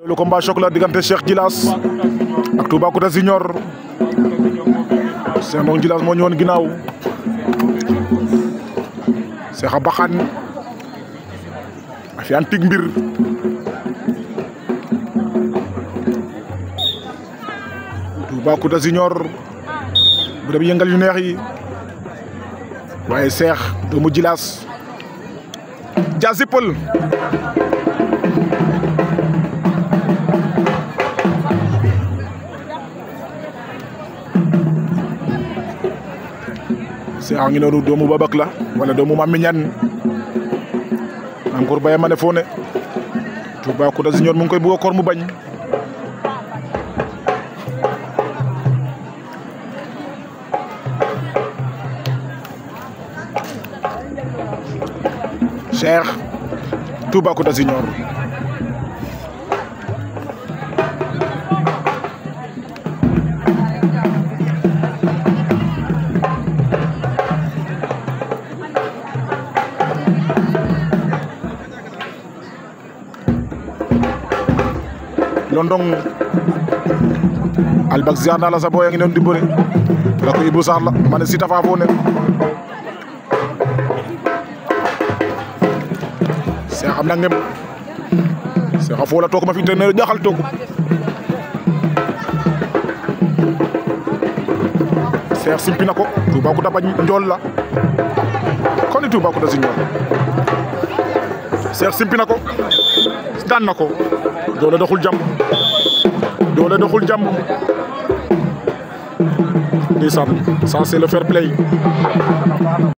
Le combat choc la diggante Cheikh Djilass ak touba kouta Junior Cheikh Ndong Djilass mo ñewon ginaaw Cheikh a baxaan a fi an tig mbir Toubacouta Junior bu dem yengal yu neex yi waye Cheikh doomu Djilass jaasi pël Cheikh a ngi noonu doomu Babak la wala doomu Mami Ñaan encore Baye Mané Fone Toubacouta Junior mu ngi koy bëgg a koor mu bañ Cheikh Toubacouta Junior London Albac ziar naa la sa a ngi doon di bëre rakku Ibou Sarr la ma ne Siteu Fafa foo nekk Cheikh am na ngem Cheikh a foo toog ma fi traîner ñaxal toog Cheikh simpi ko Toubacouta bañ njool la kon Toubacouta si njool Cheikh simpi na ko daan na ko doole doxul jàmm doole doxul jàmm ndeysaan ça c'est fair play